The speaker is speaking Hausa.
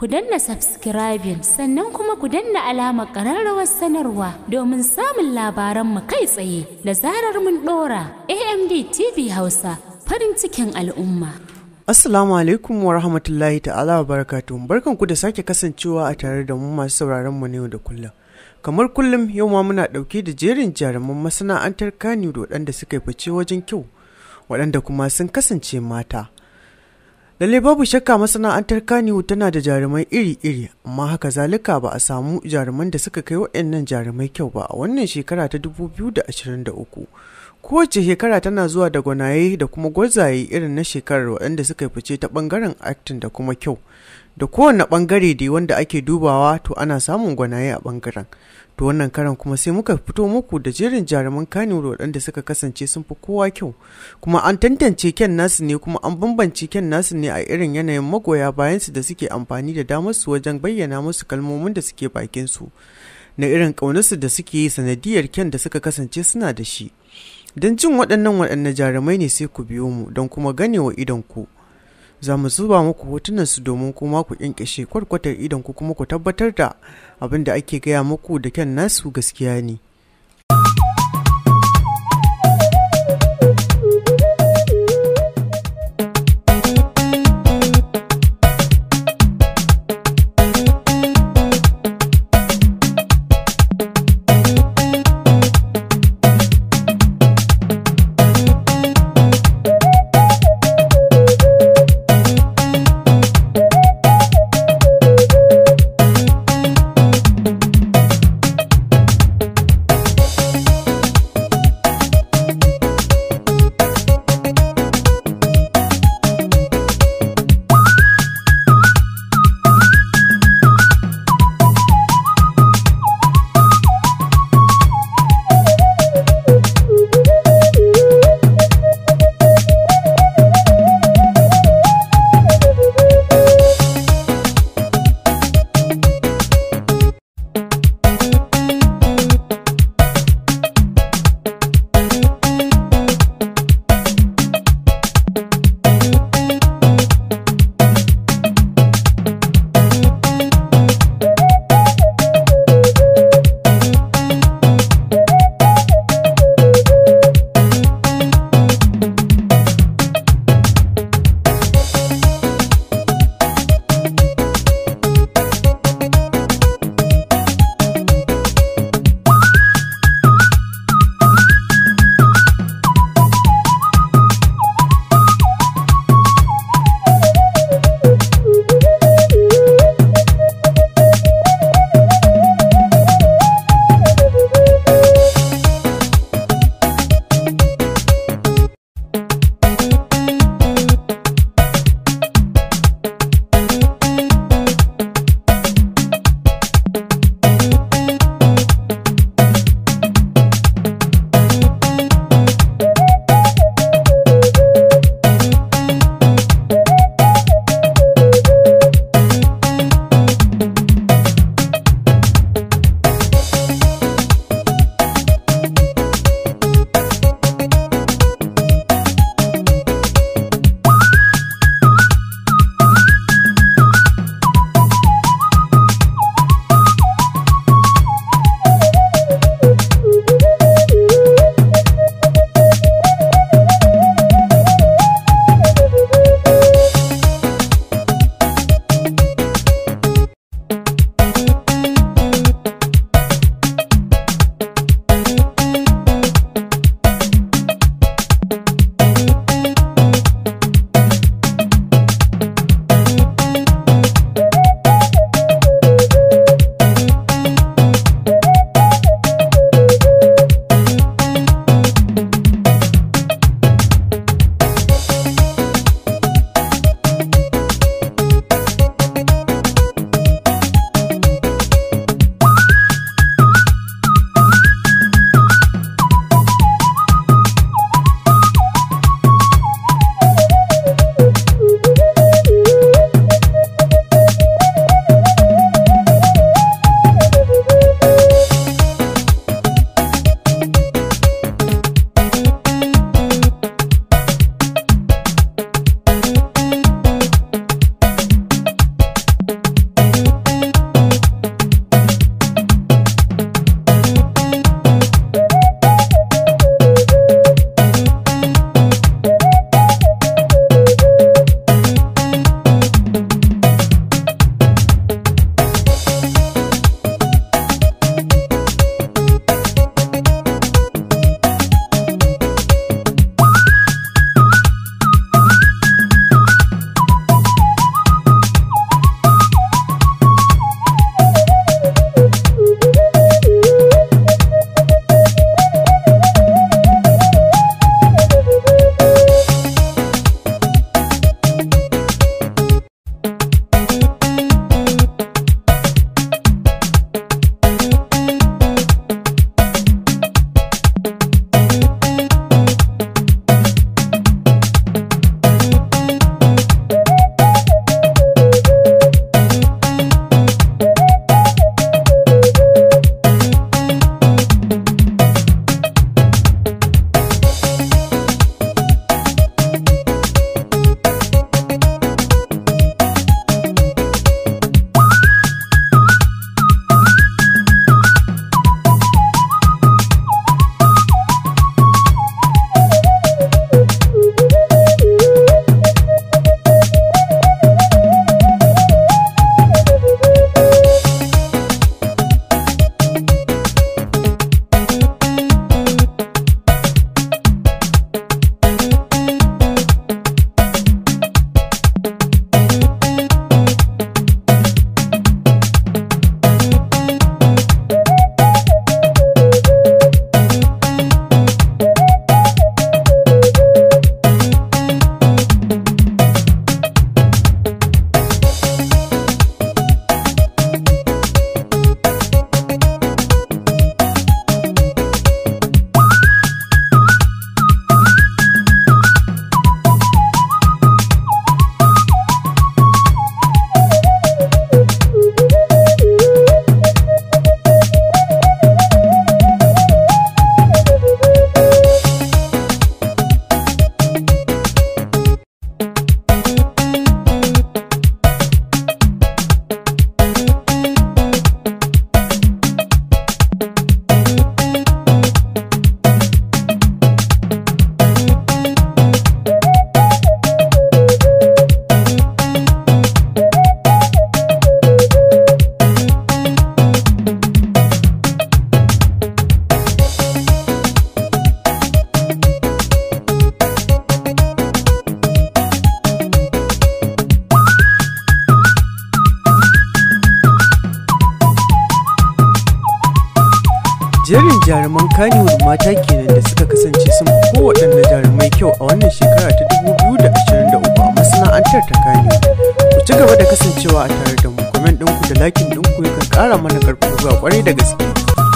ku danna subscribing sannan kuma ku danna alamar ƙararrawar sanarwa domin samun labaranmu kai tsaye da zarar mun ɗora amd tv hausa farin cikin al'umma Assalamu alaikum wa rahmatullahi ta'ala wa barakatuhu barkan ku da sake kasancewa a tare da mu masu sauraron mu yau da kullum kamar kullum yau ma muna ɗauke da jerin jaruman masana'antar kani waɗanda suka yi fice wajen kyau waɗanda kuma sun kasance mata Lalle babu shakka masana'antar Kaniwu tana da jarumai iri-iri, amma haka zalika ba a samu jaruman da suka kai waɗannan jarumai kyau ba a wannan shekara ta 2023. Kowace shekara tana zuwa da gwanaye da kuma gwazaye irin na shekarar waɗanda suka fice ta ɓangaren acting da kuma kyau. da kowane bangare dai wanda ake dubawa to ana samun gwanaye a bangaren to wannan karan kuma sai muka fito muku da jerin jaruman kanewar waɗanda suka kasance sun fi kowa kyau kuma an tantance kyan nasu ne kuma an bambance kyan nasu ne a irin yanayin magoya bayansu da suke amfani da damar su wajen bayyana musu kalmomin da suke bakin su na irin ƙaunarsu da suke yi sanadiyar kyan da suka kasance suna da shi don jin waɗannan waɗanne jarumai ne sai ku biyo mu don kuma ganewa idon ku. za mu zuba muku hotunan su domin kuma ku kyankyashe kwarkwatar idan ku kuma ku tabbatar da abin da ake gaya muku da kyan nasu gaskiya ne jaruman Kannywood mata kenan da suka kasance sun kowaɗanne jarumai kyau a wannan shekara ta 2023 a masana'antar ta Kannywood. Ku ci gaba da kasancewa a tare da mu, kwamen ɗinku da lakin ɗinku yakan ƙara mana ƙarfi ga ƙwarai da gaske.